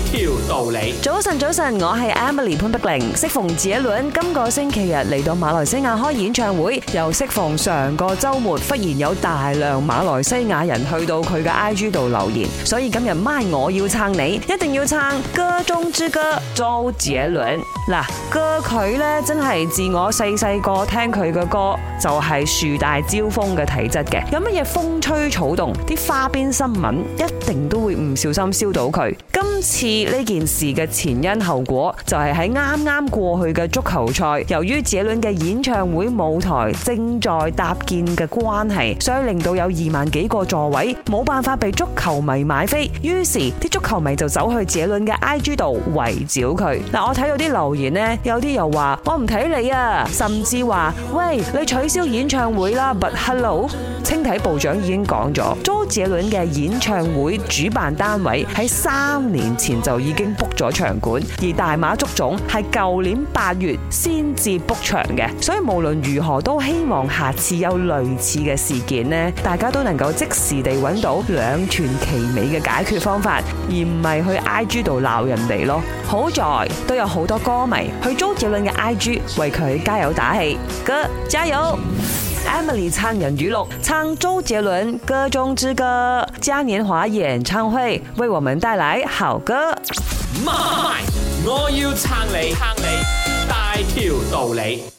條道理。早晨，早晨，我係 Emily 潘碧玲。適逢周杰倫今個星期日嚟到馬來西亞開演唱會，又適逢上個周末忽然有大量馬來西亞人去到佢嘅 I G 度留言，所以今日咪我要撐你，一定要撐歌中之歌周杰倫。嗱，歌佢呢真係自我細細個聽佢嘅歌就係、是、樹大招風嘅體質嘅，有乜嘢風吹草動，啲花邊新聞一定都會唔小心燒到佢。今次。呢件事嘅前因後果就係喺啱啱過去嘅足球賽，由於傑倫嘅演唱會舞台正在搭建嘅關係，所以令到有二萬幾個座位冇辦法被足球迷買飛，於是啲足球迷就走去傑倫嘅 IG 度圍剿佢。嗱，我睇到啲留言呢，有啲又話我唔睇你啊，甚至話喂你取消演唱會啦。But hello，青體部長已經講咗。杰倫嘅演唱會主辦單位喺三年前就已經 book 咗場館，而大馬足總係舊年八月先至 book 場嘅，所以無論如何都希望下次有類似嘅事件呢，大家都能夠即時地揾到兩全其美嘅解決方法，而唔係去 I G 度鬧人哋咯。好在都有好多歌迷去周杰倫嘅 I G 為佢加油打氣，哥加油！Emily 唱人魚龍，唱周杰倫《歌中之歌》嘉年華演唱會為我們帶來好歌。MY，我要撐你，撐你大條道理。